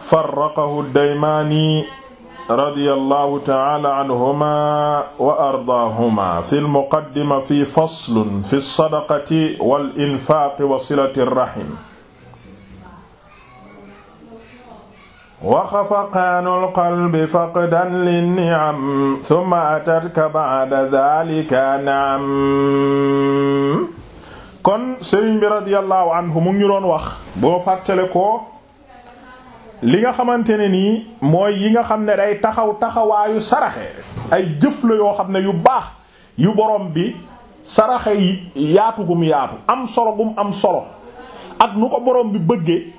farraqahu daymaani radiyallahu ta'ala anhuma wa ardaahuma fil muqaddima fi faslun fi sadaqati wal infaaqi wa silati rahim wa xafaqaanul qalbi faqdan linni'am thumma atatka ba'da dhalika na'am kon sëriñ bi radiyallahu anhu mu ngi doon wax boo fàttale ko li nga xamante ne nii mooy yi nga xam ne day taxaw taxawaayu saraxe ay jëf la yoo xam ne yu baax yu borom bi saraxe yaatu gum yaatu am solo gum am solo ak nu ko borom bi bëggee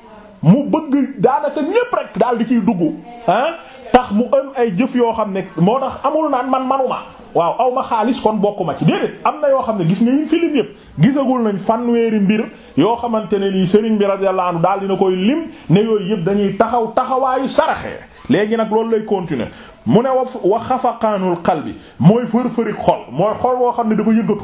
mu bëgg daanaka ñépp rek daal di ciy dugg ah tax mu am ay jëf yoo xam ne moo tax amul naan man manuma waaw aw ma xaalis kon bokkuma ci déedéet am na yoo xam ne gis nga yiñ filim yëpp gisagul nañ weeri mbir yoo xamante ne nii sëriñ bi radiyallahu anhu daal dina koy lim ne yooyu yëpp dañuy taxaw taxawaayu saraxee léegi nag loolu lay continuer mu ne wax wa xafaqaanul bi mooy fër-fëri xol mooy xol woo xam ne dafa yëngatu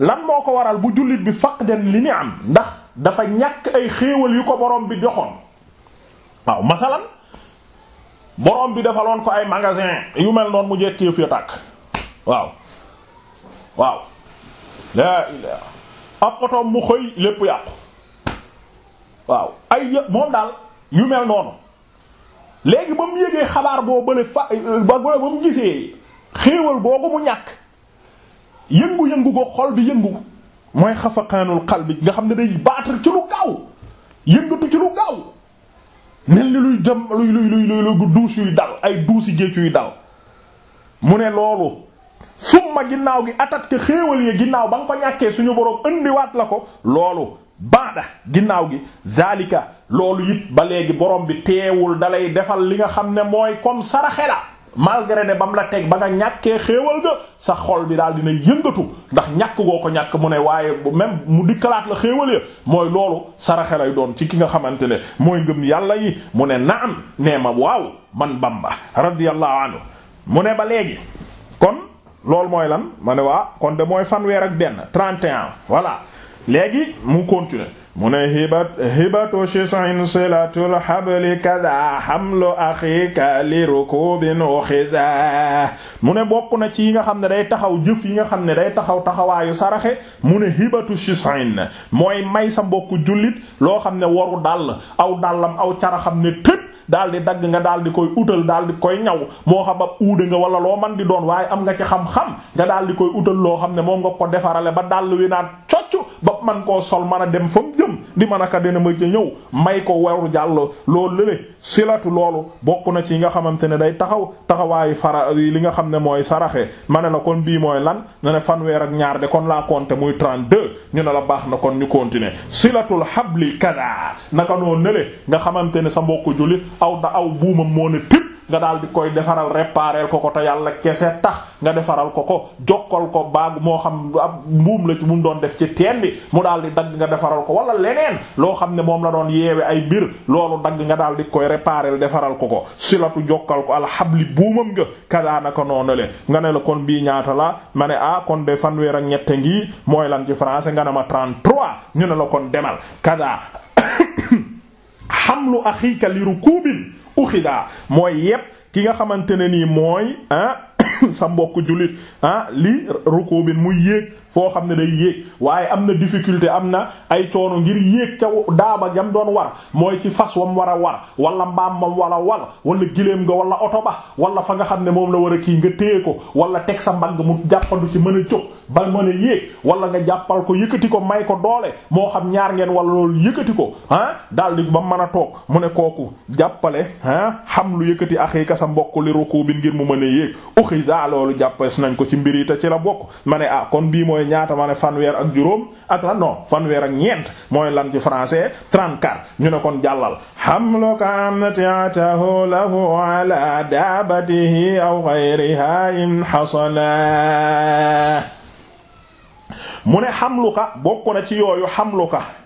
lan moo ko waral bu jullit bi faqdan li ni am ndax dafa ñàkk ay xéewal yu ko borom bi joxoon borom bi defaloon ko ay magasin yu mel noonu mu jekk yëf ya tàkk waaw waaw laa ilaa ab mu xëy lépp yàqu waaw ay yëpp moom daal yu mel noonu léegi ba mu yëgee xabaar boo bële fa ba ba mu gisee xéewal boobu mu ñàkk yëngu-yëngu ko xol bi yëngu mooy xafaqaanul qalbi nga xam ne day battre ci lu gaaw yëngatu ci lu gaaw mel ni luy jëm luy luy luy luy luy duus yuy dal ay duusi géej yuy dal mu ne loolu summa ginnaaw gi atat ke xéewal yi ginnaaw ba nga ko ñàkkee suñu boroom indiwaat la ko loolu baada ginnaaw gi zalika loolu it ba léegi borom bi teewul dalay defal li nga xam ne mooy comme saraxe la malgré ne ba la teg ba nga ñàkkee xéewal ga sa xol bi daal dina yëngatu ndax ñàkk goo ko ñàkk mu ne waaye même mu dikkalaat la xéewal ya mooy loolu saraxe ay doon ci ki nga xamante ne mooy ngëm yàlla yi mu ne naan nee ma waaw man Bamba radiyallahu anhu mu ne ba léegi kon loolu mooy lan ma ne waa kon de mooy fanweer ak benn 31 voilà léegi mu continuer mu ne hibat hibatu shisin silatul habli kada hamlu axika li rukubin uxiza mu ne bokk na ci yi nga xam ne day taxaw jëf yi nga xam ne day taxaw taxawaayu saraxe mu ne hibatu shisin mooy may sa mbokku jullit loo xam ne waru dàll aw dàllam aw caraxam ne tëj daal di dagg nga daal di koy utal daal di koy ñaw moo xam ab uude nga wala loo man di doon waaye am nga ci xam-xam nga daal di koy utal loo xam ne moom nga ko defarale ba dàll wi naan ba man koo sol man a dem fa mu jëm di man aka dina ma ca ñëw may ko waru jàll loolu lële silatu loolu bokk na ci yi nga xamante ne day taxaw taxawaayu fara li nga xam ne mooy saraxe ma ne la kon bii mooy lan ne ne fanweer ak ñaar de kon laa compter muy 32 ñu ne la baax na kon ñu continuer silatul li kada naka noo nële nga xamante ne sa mbokk jullit aw da aw buumam moo ne tëpp nga daal di koy defaral réparer ko ko te yàlla kese tax nga defaral ko ko jokkal ko baag moo xam ab mbuum la ci mu doon def ci teen bi mu daal di dagg nga defaral ko wala leneen loo xam ne moom la doon yeewe ay mbir loolu dagg nga daal di koy réparer defaral ko ko silatu jokkal ko alxabli buumam nga kadaanaka noonule nga ne la kon bii ñaata la ma ne ah kon de fanweer ak ñette ngi mooy lan ci français nga ne ma 33 ñu ne la kon demal kada uxidaa mooy yépp ki nga xamante ne nii mooy ah sa mbokk jullit ah li ruku bi muy yéeg foo xam ne day yéeg waaye am na difficulté am na ay coono ngir yéeg ca daaba jam doon war mooy ci fas wam war a war wala mbaam mam wala war wala giléem nga wala oto ba wala fa nga xam ne moom la war a kii nga téye ko wala teg sa mbagg mu jàppandu ci mën a jóg ba mën a yéeg wala nga jàppal ko yëkkati ko may ko doole moo xam ñaar ngeen wala loolu yëkkati ko ah daal di ba mën a toog mu ne kooku jàppale ah xam lu yëkkati axika sa mbokk li ngir mu mën a yéeg daa loolu nañ ko ci mbir yi te ci la bokk ma ne ah kon bii mooy ñaata ma ne fanweer ak juróom ak lan non fanweer ak ñeent mooy lan ci français 34 ñu ne kon jàllal hamluka amtiatahu lahu ala dabatihi aw ghayriha in hasala mu ne hamluka bokk na ci yooyu hamluka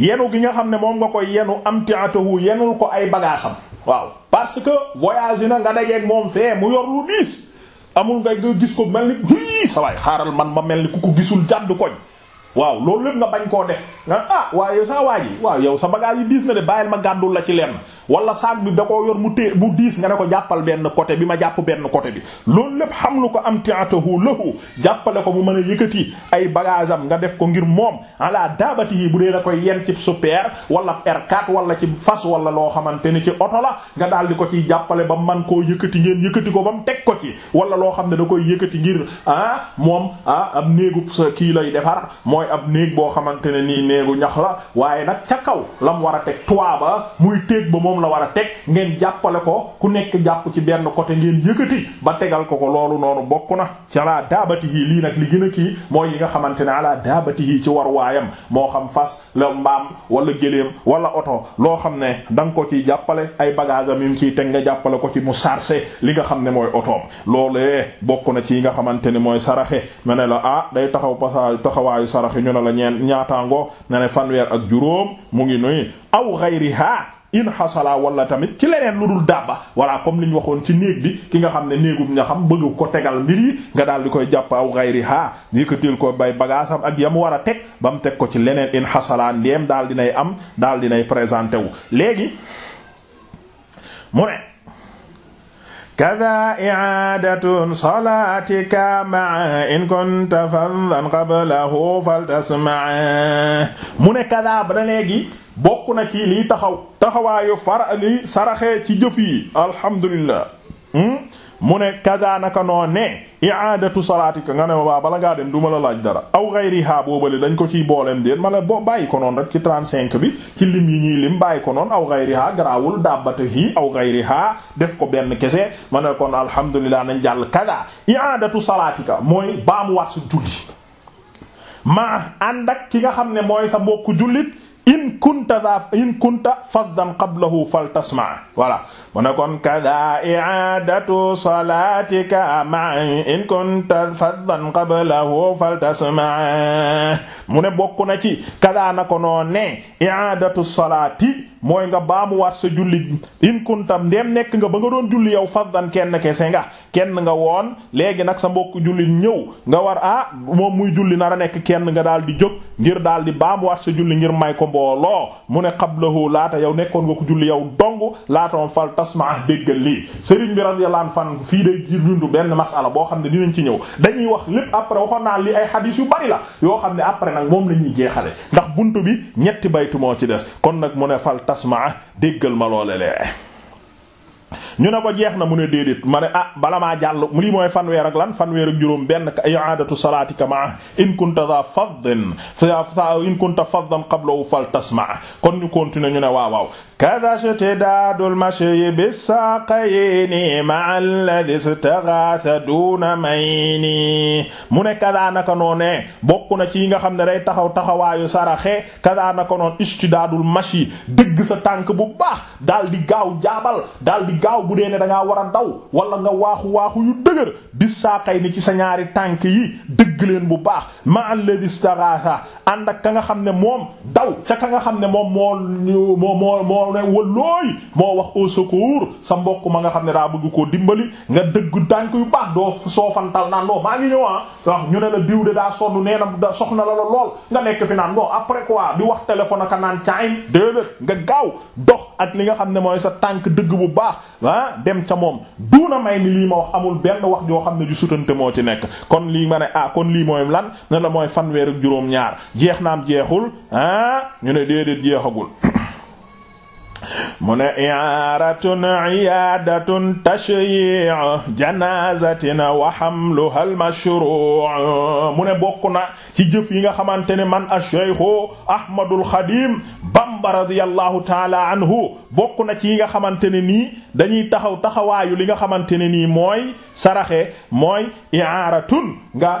yenu gi nga xam ne moom nga koy yenu amti'atuhu yenul ko ay bagaasam waaw parce que voyage na nga dajeeg moom fee mu yor lu diis amul ngay gis ko mel ni i sa waay xaaral man ma mel ni ku ko gisul jàdd koñ waaw loolu lépp nga bañ koo def ah waaye yow saa waa yi waaw yow sa bagage yi diis na de bàyyil ma gàddul la ci lenn wala saag bi da koo yor mu tée bu diis nga ne ko jàppal benn côté bi ma jàpp benn côté bi loolu lépp xam lu ko am tiatahu lahu jàppale ko bu man a yëkkati ay bagage am nga def ko ngir moom ala daabati yi bu dee da koy yen ci super wala R4 wala ci fas wala loo xamante ni ci oto nga daal di ko ciy jàppale ba man koo yëkkati ngeen yëkkati ko ba mu teg ko ci wala loo xam ne da koy yëkkati ngir ah moom ah am néegu kii lay defar mooy ab néeg boo xamante ne nii néegu ñax la waaye nag ca kaw la mu war a teg toit ba muy téeg ba moom la war a teg ngeen jàppale ko ku nekk jàpp ci benn côté ngeen yëkkati ba tegal ko ko loolu noonu bokk na ci ala daabatihi lii nag li gën a mooy yi nga xamante ne ala daabatihi ci war waayam moo xam fas la mbaam wala géléem wala oto loo xam ne da nga ko ay bagage am yu ciy teg nga jàppale ko ci mu sarse li nga xam ne mooy otoom loolee yi nga xamante ne mooy saraxe ma ne la ah day taxaw passage taxawaayu sarax sarax ñu ne la ñeen ñaataango nga ne fanweer ak juróom mu ngi nuy aw xayri ghayriha in xasalaa wala tamit ci leneen lu dul dabba wala comme li ñu waxoon ci néeg bi ki nga xam ne néegub ña xam bëgg ko tegal mbir yi nga daal di koy jàpp aw gayri ha yëkkatil ko bay bagaasam ak yam war a teg ba mu teg ko ci leneen in xasala ndeem daal dinay am daal dinay présenté wu léegi mu ne kada i'aadatun salaatika maa in kunta faddan qablahu faltasmaa mu ne kada ba léegi bokk na ci liy taxaw taxawaayu far li saraxee ci jëf yi alhamdulillah hmm? mu ne naka noo ne i'adatu salaatika nga ne ma baa bala ngaa dem du ma la laaj dara aw ghayriha boobale dañ ko ciy booleem déen ma ne boo bàyyi ko noonu rek ci 35 bi ci lim yi ñuy lim bàyyi ko noonu aw ghayriha garaawul dàbbata hi aw ghayriha def ko benn kese ma ne kon alhamdulilah nañ jàll kada i'adatu salaatika mooy baamuwaat su julli maa ànd ak ki nga xam ne mooy sa mbokku jullit in kunta da in kunta faddan qablahu faltasma voilà mu ne kon kada i'adatu salatika ma'i in kunta faddan qablahu faltasma mu ne bokk na ci kada na ko noo ne i'adatu salati mooy nga baamuwaat sa julli in kunta ndem nekk nga ba nga doon julli yow faddan kenn kese nga kenn nga woon léegi nag sa mbokk julli ñëw nga war ah moom muy julli nar a nekk kenn nga daal di jóg ngir daal di baamuwaat sa julli ngir may ko mbooloo mu ne qablahu laata yow nekkoon nga ko julli yow dong laata fal tasmaa ah, déggal lii sëriñ bi radiyallahu anhu fan fii day dundu benn masala boo xam ne dinañ ci ñëw dañuy wax lépp après waxoon naa li ay xadiis yu bari la yoo xam ne après nag moom la ñuy jeexale ndax buntu bi ñetti baytu moo ci des kon nag mu ne fal tasmaa ah, déggal ma loole ñu ne ko jeex na mu ne déedéet ma ne ah bala maa jàll lii mooy fanweer ak lan fanweer ak juróom benn ka i'adatu salaatika ma in kunta za faddin fa in kunta faddan qablahu fal tasma kon ñu continuer ñu ne waaw waaw kada shtidadul mashi bis saqayni ma'a alladhi istaghatha duna mayni mu ne kada naka noonee bokk na ci yi nga xam ne day taxaw taxawaayu saraxe kada naka noon istidadul mashi dëgg sa tànk bu baax daal di gaaw jaabal daal di gaaw bu dee ne da ngaa war a daw wala nga waaxu waaxu yu dëgër bi kay ni ci sa ñaari tànk yi dëgg leen bu baax ma alladhi istaghatha ànd ak ka nga xam ne moom daw ca ka nga xam ne moom moo moo moo moo ne walooy moo wax au secours sa mbokk ma nga xam ne daa bëgg koo dimbali nga dëgg tànk yu baax doo soofantal naan non maa ngi ñëw ah ñu ne la diw de daa sonn nee na soxna la lool nga nekk fi naan non après quoi di wax téléphone aka naan caayin déedéet nga gaaw ak li nga xam ne mooy sa tànk dëgg bu baax ah dem ca moom duuna may ni lii ma wax amul benn wax joo xam ne ju sutante moo ci nekk kon lii ma ne ah kon lii mooy lan ne mooy fan ak juróom-ñaar jeex naam jeexul ñu ne déedéet jeexagul mu ne i'aaratun iyaadatun tashyi'u janaazatin wa hamluha al-mashru' mu ne bokk na ci jëf yi nga xamante ne man ash-shaykhu Ahmadul Xadim Bamba radiyallahu taala anhu bokk na ci yi nga xamante ne nii dañuy taxaw taxawaayu li nga xamante ne nii mooy saraxe mooy i'aaratun nga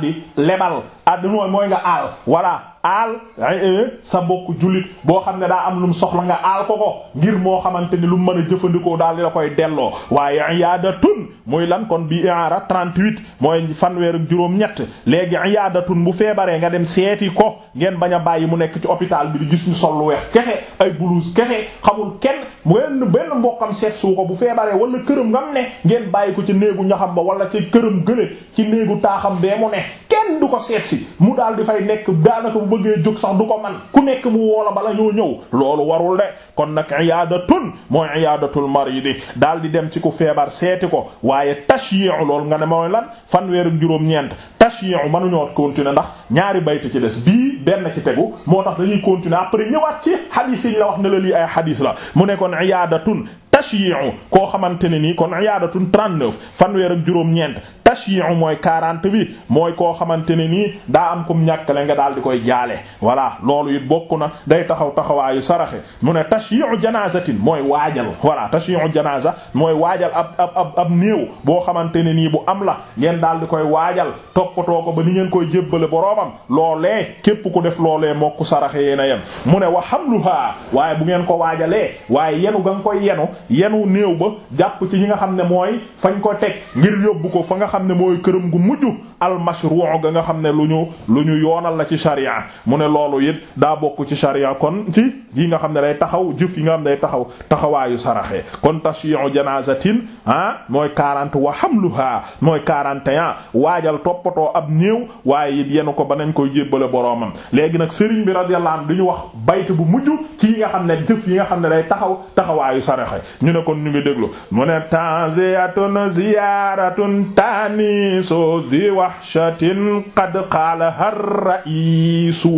bi lebal add mooy mooy nga aal voilà aal eh, sa bokk jullit boo xam ne daa am lu mu soxla nga aal ko ko ngir moo xamante ni lu mu mën a jëfandikoo daal di la koy delloo waaye iyaadatun muy lan kon bi trent 38 mooy fanweer ak juróom ñett léegi iyaadatun bu feebaree nga dem seeti ko ngeen bañ a bàyyi mu nekk ci hôpital bi di gis ñu sol lu weex kese ay blouse kese xamul kenn mu benn benn mbokkam seet suu ko bu feebaree wala këram ngam ne ngeen bàyyi ko ci néegu ñaxam ba wala ci këram gële ci néegu taaxam bee si mu daal di fay nekk daanaka bu bëggee jóg sax du ko man ku nekk mu woola bala ñoo ñëw loolu warul de kon nag iyaadatun mooy iyaadatul maridi daal di dem ci ku feebar seeti ko waaye tashyi'u lool nga ne mooy lan fan ak juróom-ñeent tashyi'u mënuñoo continuer ndax ñaari baytu ci des bii benn ci tegu moo tax dañuy continuer après ñëwaat ci hadith yi la wax ne la lii ay hadith la mu ne kon iyaadatun tashyi'u koo xamante ne nii kon iyaadatun 39 fanweer ak juróom-ñeent tashyi'u mooy 40 bi mooy koo xamante ne nii daa am kum ñàkkale nga daal di koy jaale voilà loolu it bokk na day taxaw taxawaayu saraxe mu ne tashyi'u janazatin mooy waajal voilà tashyi'u janaza mooy waajal ab ab ab néew boo xamante ne nii bu am la ngeen daal di koy waajal toppatoo ko ba ni ngeen koy jébbale boroomam loole képp ku def loole mokku saraxe yéen a yem mu ne wa hamluha waaye bu ngeen ko waajalee waaye yenu ga nga koy yenu yenu néew ba jàpp ci yi nga xam ne mooy fañ ko teg ngir yóbbu ko fa nga xam ne mooy këram gu mujj al mashru' nga xam ne lu ñu lu ñu yoonal la ci sharia mu ne loolu it daa bokk ci sharia kon ci yi nga xam ne day taxaw jëf yi nga xam ne day taxaw taxawaayu saraxe kon tashyi'u janazatin ah mooy 40 wa hamluha mooy 41 waajal toppatoo ab néew waaye it yenu ko ba nañ koy jébbale boroomam léegi nag sëriñ bi radiyallahu anhu du ñu wax baytu bu mujj ci yi nga xam ne jëf yi nga xam ne day taxaw taxawaayu saraxe ñu ne kon ñu ngi déglu mu ne tanziyatun ziyaratun tanisu diwa fahshatin qad qaalaha ar-ra'isu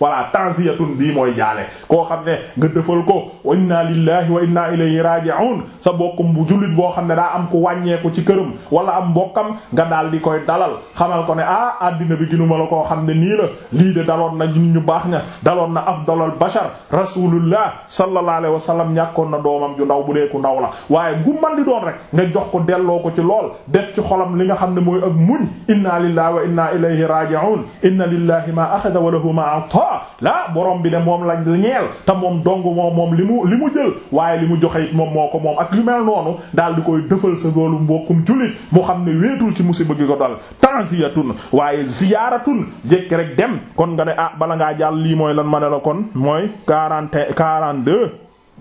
wala ta'ziyatun bii mooy jaale koo xam ne nga defal ko wa inna lillahi wa inna ilayhi raji'un sa bokkum bu jullit boo xam ne daa am ko wàññeeku ci këram wala am mbokkam nga daal di koy dalal xamal ko ne ah addina bi ginuma la koo xam ne nii la lii de daloon na ñu baax ña daloon na afdalul bashar rasulullah sallallahu alayhi wa sallam ñàkkoon na doomam ju ndaw bu dee ku ndaw la waaye gu di doon rek nga jox ko delloo ko ci lool def ci xolam li nga xam ne mooy ak muñ inna lillahi wa inna ilayhi raji'un inna lillahi ma akhadha wa lahu ma ata la borom bi ne moom lañ ñeel te moom dong moom moom li mu li mu jël waaye li mu joxe moom moo ko moom ak yu mel noonu daal di koy dëfal sa loolu mbokkum jullit mu xam ne wéetul ci musiba gi ko dal tansiyatun waaye ziyaaratun jekk rek dem kon nga ne ah bala ngaa jàll lii mooy lan ma ne la kon mooy quarante quarante-deux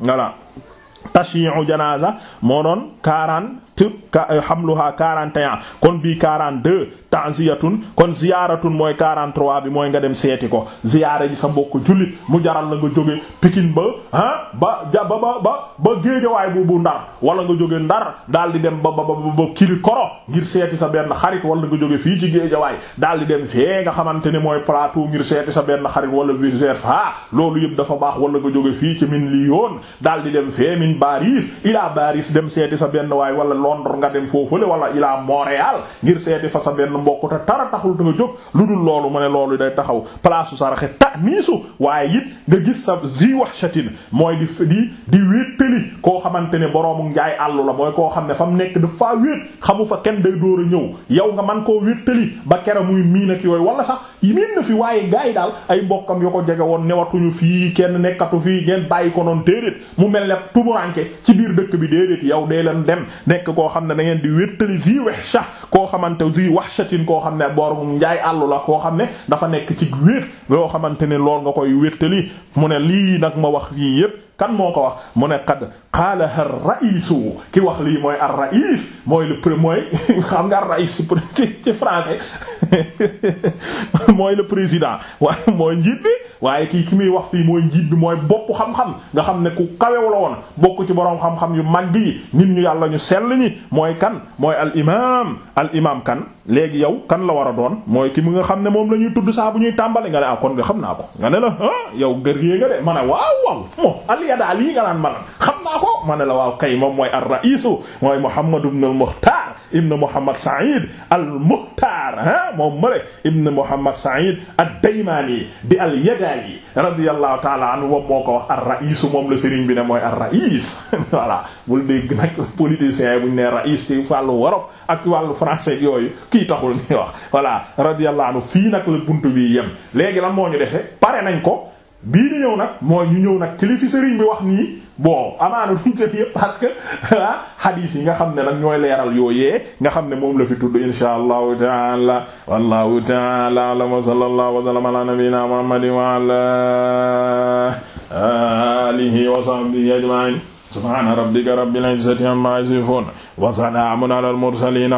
voilà tashi'u janaza moo doon quarante xamluha eh, quarante kon bi quarante deux ta'ziyatun kon ziyaaratun mooy 43 bi mooy nga dem seeti ko ziyaara ji sa mbokk jullit mu jaral la nga jóge Pikine ba ah ba ja ba ba ba ba géejawaay bu bu ndar wala nga jóge ndar daal di dem ba ba ba ba kiri koro ngir seeti sa benn xarit wala nga jóge fii ci géejawaay daal di dem fee nga xamante ne mooy plateau ngir seeti sa benn xarit wala vice versa loolu yëpp dafa baax wala nga jóge fii ci min Lyon daal di dem fee min Paris ila Paris dem seeti sa benn waay wala Londres nga dem foofule wala ila Montréal ngir seeti fa sa benn bokk a tara taxul te nga jóg lu dul loolu mu ne loolu day taxaw palaasu saraxe ta niisu waaye it nga gis sa di wax mooy di di di wéttali koo xamante ne boroomu njaay àllu la mooy koo xam ne fa mu nekk dafa wéet xamu fa kenn day dóor a ñëw yow nga man koo wéttali ba kera muy miin ak yooyu wala sax miin na fi waaye gaa yi daal ay mbokkam yoo ko jege woon newatuñu fii kenn nekkatu fii ngeen bàyyi ko noonu déedéet mu mel ne tumuranke ci biir dëkk bi déedéet yow dee leen dem nekk koo xam ne da ngeen di yaskin koo xam ne borom njaay àllu la koo xam ne dafa nekk ci wéet yoo xamante ne lool nga koy wéttali mu ne lii nag ma wax yii yépp kan moo ko wax mu ne qad qaala ar raisu ki wax lii mooy ar rais mooy le premier mooy xam nga ar rais ci français mooy le président waaye mooy njiit bi waaye kii ki muy wax fii mooy njiit bi mooy bopp xam-xam nga xam ne ku kawew la woon bokk ci boroom xam-xam yu mag yi nit ñu yàlla ñu sell ñi mooy kan mooy al imam al imam kan léegi yaw kan la war a doon mooy ki mu nga xam ne moom la ñuy tudd saa bu ñuy tàmbali nga ne ah kon nga xam naa ko nga ne la ah yow gër yée nga de ma ne waaw waaw al yadaa lii nga naan man xam naa ko ma ne la waaw kay moom mooy ar raisu mooy Muhammad ibn al Mukhtar ibn Muhammad Sa'id al Mukhtar ah moom mëre ibn Muhammad Sa'id ad-Daymani di al yadaali radiyallahu taala anhu moom moo ko wax ar raisu moom la sëriñ bi ne mooy ar rais voilà bul dégg nag politiciens yi buñ ne rais ci wàllu wolof ak wàllu français yooyu kii taxul ni wax voilà radiyallahu anhu fii nag la buntu bi yem léegi lan moo ñu dese pare nañ ko bii di ñëw nag mooy ñu ñëw nag ci li fi bi wax nii bon amaana duñ jël yëpp parce que ah hadith yi nga xam ne nag ñooy leeral yooyee nga xam ne moom la fi tudd insha allahu taala wallahu taala alam wa sallallahu wa sallama ala nabiyyina muhammadin wa ala alihi wa sahbihi ajma'in subhana rabbika rabbil izzati amma yasifun wa salamun ala al mursalin